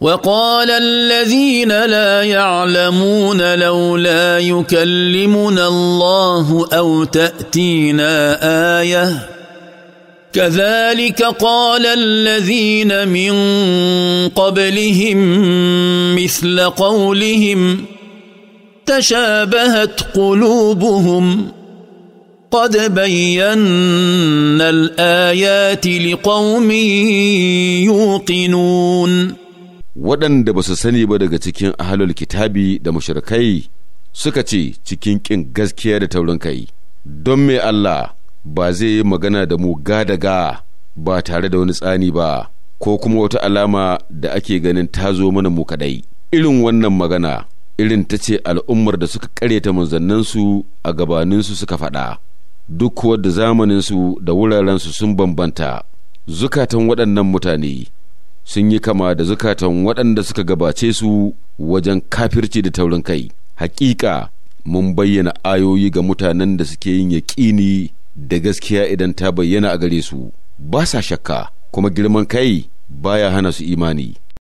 وقال الذين لا يعلمون لولا يكلمنا الله او تاتينا ايه كذلك قال الذين من قبلهم مثل قولهم تشابهت قلوبهم قد بينا الايات لقوم يوقنون waɗanda ba su sani ba daga cikin ahalul kitabi da mushrikai suka ce cikin ƙin gaskiya da taurin kai don me Allah ba zai yi magana da mu gadaga ba tare da wani tsani ba ko kuma wata alama da ake ganin ta zo mana mu kaɗai irin wannan magana irin ta ce al'ummar da suka ƙaryata manzanninsu a gabaninsu suka faɗa duk wadda zamaninsu da wurarensu sun bambanta zukatan waɗannan mutane sun yi kama da zukatan waɗanda suka gabace su wajen kafirci da taurin kai hakika mun bayyana ayoyi ga mutanen da suke yin yaƙini da gaskiya idan ta bayyana a gare su ba sa shakka kuma girman kai baya hana su imani